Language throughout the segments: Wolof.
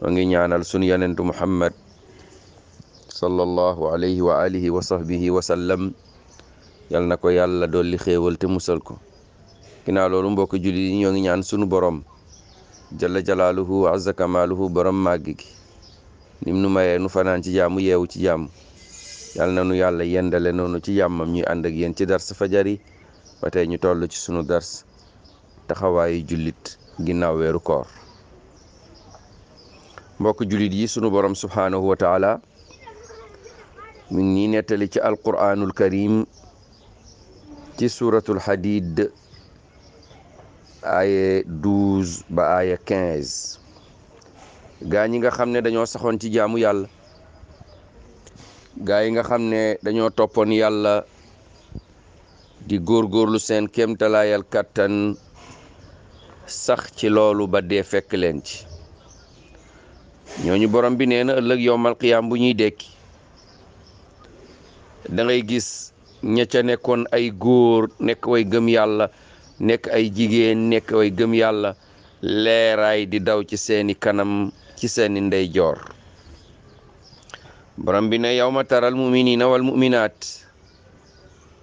wa ngi ñaanal sunu yonentu muhammad sallallahu alayhi wa alihi wa sahbihi wa yal na ko yàlla dolli xéewal te musal ko ginnaaw loolu mbokk julli yi ñoo ngi ñaan sunu borom jalla jalaaluhu wa azza borom màgg gi nim nu mayee nu fanaan ci jàmm yeewu ci jàmm yal na nu yàlla yendale noonu ci jàmmam ñu ànd ak yéen ci dars fajari ba tey ñu toll ci sunu dars taxawaayu jullit ginnaaw weeru koor mbokk jullit yi sunu borom subhaanahu wa taala mi ngi nettali ci alquraanul karim ci suuratul xadiid aaye douze ba aaye gaa ñi nga xam ne dañoo saxoon ci jaamu yàlla gaa yi nga xam ne dañoo toppoon yàlla di góor góorgóorlu seen kéemtalaayal kàttan sax ci loolu ba dee fekk leen ci ñooñu borom bi nee na ëllëg yowmal qiyaam bu ñuy dekki dangay gis ña nekkoon ay góor nekk way gëm yàlla nekk ay jigéen nekk way gëm yàlla leeraay di daw ci seeni kanam ci seeni ndeyjoor borom bi ne yawma taral muminina wal muminaat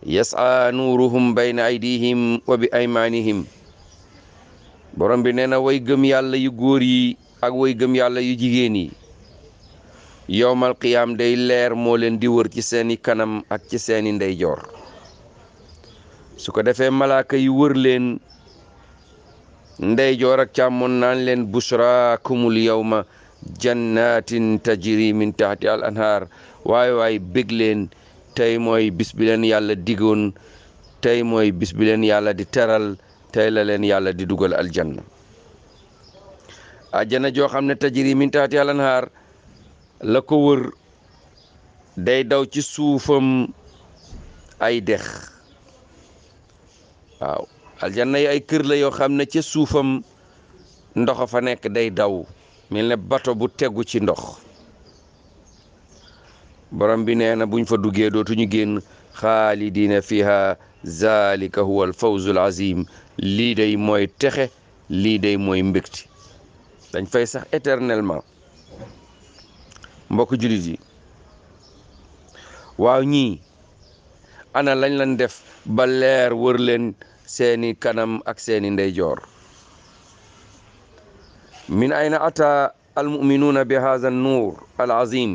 yasaa nuuruhum bayna aydihim wa bi aymaanihim borom bi nee na way gëm yàlla yu góor yi ak woy gëm yàlla yu jigéen yi yowmal qiyaam day leer moo leen di wër ci seeni kanam ak ci seeni ndeyjoor su ko defee malaaka yi wër leen ndeyjoor ak càmmoon naan leen bushraakumul yowma jannatin tajri min tahti al anhaar waay waay bég leen tey mooy bis bi yàlla digoon tey mooy bis bi leen yàlla di teral tey leen yàlla di dugal aljanna àjjana joo xam ne tajiri min taxati alanhaar la ko wër day daw ci suufam ay dex waaw aljanna yi ay kër la yoo xam ne ca suufam ndox a fa nekk day daw mel ne bato bu tegu ci ndox borom bi nee na buñ fa duggee dootuñu génn xaalidiina fiha zalika huwa al fawzul azim lii day mooy texe lii day mooy mbégti dañ fay sax éternellement mbokk jullit yi waaw ñii ana lañ lañ def ba leer wër leen seeni kanam ak seeni ndeyjoor min ayna ata almuminuuna bi haza nuur al azim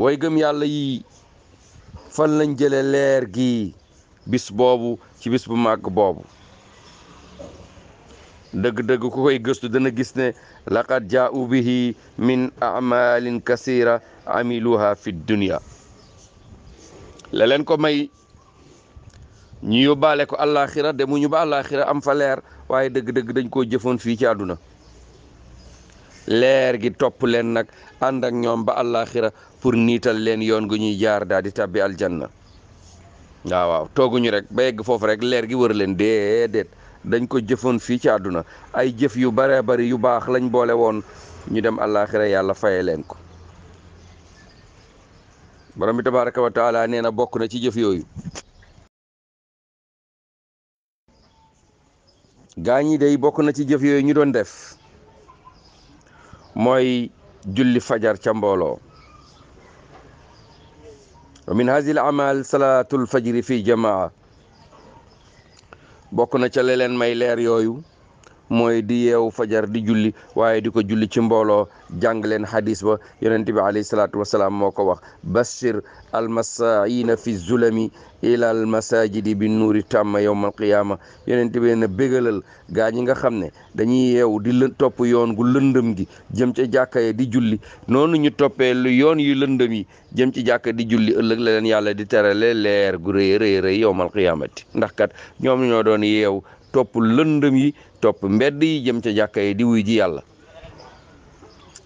way gëm yàlla yi fan lañ jële leer gi bis boobu ci bis bu màgg boobu dëgg-dëgg ku koy gëstu dana gis ne lakkat ja bihi min amalin kasira amiluha fi dunia la ko may ñu yóbbaale ko àllaaxira demu ñu ba àllaaxira am fa leer waaye dëgg-dëgg dañ koo jëfoon fii ci àdduna leer gi topp leen nag ànd ak ñoom ba àllaaxira pour niital leen yoon gu ñuy jaar daal di tàbbi aljanna waaw waaw tooguñu rek ba yegg foofu rek leer gi wër leen déedéet dañ ko jëfoon fii ci àdduna ay jëf yu baree bari yu baax lañ boole woon ñu dem àllaaxira yàlla faye leen ko borom bi wa taala nee na bokk na ci jëf yooyu gaa ñi day bokk na ci jëf yooyu ñu doon def mooy julli fajar ca mbooloo wa min haazil amal salaatul fajri fi jamaa bokk na ca la leen may leer yooyu mooy di yeewu fajar di julli waaye di ko julli ci mbooloo jàng leen xadis ba yonent bi alayhi salaatu wasalaam moo ko wax bashir almasaaina fi zulami ila almasajidi bi nuuri tàmma yowma alqiyaama yonent bi na bégalal gaa ñi nga xam ne dañuy yeewu di lën topp yoon gu lëndëm gi jëm ca jàkka di julli noonu ñu toppe lu yoon yu lëndëm yi jëm ci jàkka di julli ëllëg la leen yàlla di terale leer gu rëy rëy rëy yowma alqiyaamati ndax kat ñoom ñoo doon yeewu topp lëndëm yi topp mbedd yi jëm ca jàkka yi di wuy ji yàlla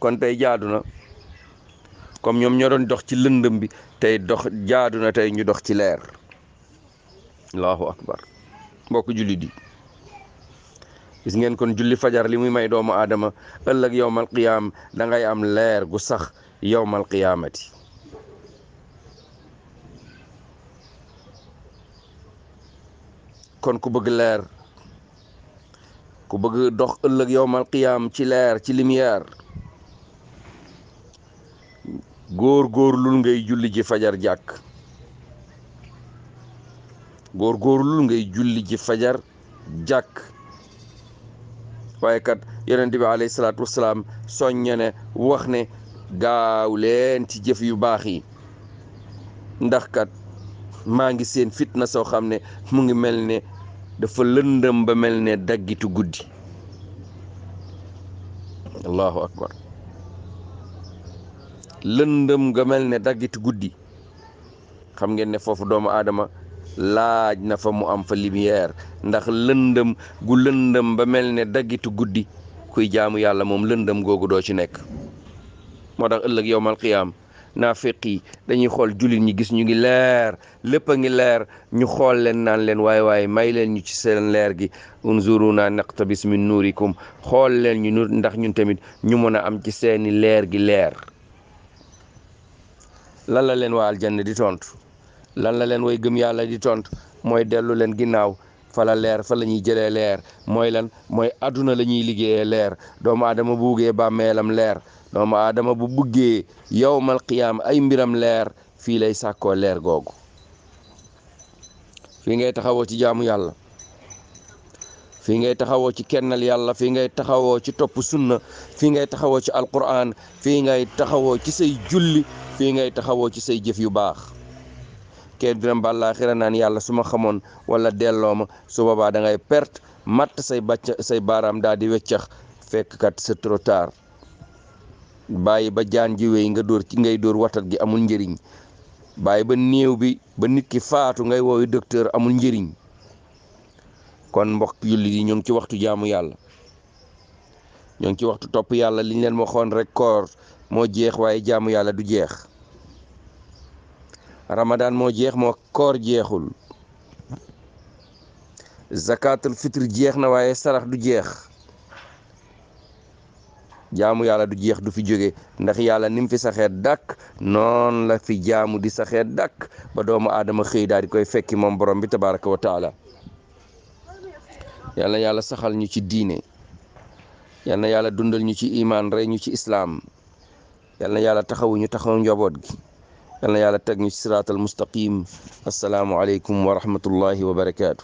kon tey jaadu na ñoom ñoo doon dox ci lëndëm bi tey dox jaadu na tey ñu dox ci leer allahu akbar mbokk julli di gis ngeen kon julli fajar li muy may doomu aadama ëllëg yowmal qiyaam dangay am leer gu sax yowmal qiyaamati kon ku bëgg leer ku bëgg dox ëllëg yowmal qiyaam ci leer ci lumière góor góorlul ngay julli ji fajar jàkk góor góorlul ngay julli ji fajar jàkk waaye kat yonent bi alayhi salaatu wasalaam soññe ne wax ne gaaw leen ci jëf yu baax yi ndax kat maa ngi seen fitna soo xam ne mu ngi mel ne dafa lëndëm ba mel ne daggitu guddi allahu akbar lëndëm nga mel ne daggitu guddi xam ngeen ne foofu doomu aadama laaj na fa mu am fa lumière ndax lëndëm gu lëndëm ba mel ne daggitu guddi kuy jaamu yàlla moom lëndëm googu doo ci nekk moo tax ëllëg yowmal qiyaam naafiq yi dañuy xool jullit ñi gis ñu ngi leer lépp a ngi leer ñu xool leen naan leen waaye waaye may leen ñu ci seen leer gi unzuruna naqtabis min nuurikum xool leen ñu ndax ñun tamit ñu mën a am ci seeni leer gi leer lan la leen waa aljanna di tontu lan la leen way gëm yàlla di tontu mooy dellu leen ginnaaw fa la leer fa la ñuy jëlee leer mooy lan mooy àdduna la ñuy liggéeyee leer doomu adama bu buggee bàmmeelam leer doomu aadama bu buggee yowmal qiyaam ay mbiram leer fii lay sàkkoo leer googu fii ngay taxawoo ci jaamu yàlla fii ngay taxawoo ci kennal yàlla fii ngay taxawoo ci topp sunna fii ngay taxawoo ci alquran fii ngay taxawoo ci say julli fii ngay taxawoo ci say jëf yu baax kee dina mbàllaa xira naan yàlla su ma xamoon wala delloo ma su boobaa da ngay perte matt say bàcc say baaraam daal di weccax fekk sa c'est bàyyi ba jaan ji wéy nga dóor ci ngay dóor watat gi amul njëriñ bàyyi ba néew bi ba nit ki faatu ngay woowi docteur amul njëriñ kon mbokk jullit yi ñu ngi ci waxtu jaamu yàlla ñu ngi ci waxtu topp yàlla liñ leen waxoon rek koor moo jeex waaye jaamu yàlla du jeex ramadaan moo jeex moo koor jeexul zakatul fitr jeex na waaye sarax du jeex jaamu yàlla du jeex du fi jóge ndax yàlla ni mu fi saxee dàq noonu la fi jaamu di saxee dàkk ba doomu aadama xëy daal di koy fekki moom borom bi tabaraka wa yàlla yàlla saxal ñu ci diine yal yàlla dundal ñu ci imaan rey ñu ci islaam yal na yàlla taxawuñu taxaw njaboot gi yal na yàlla teg ñu ci siraatal mustaqim asalaamualeykum wa rahmatullahi wa barakaatu.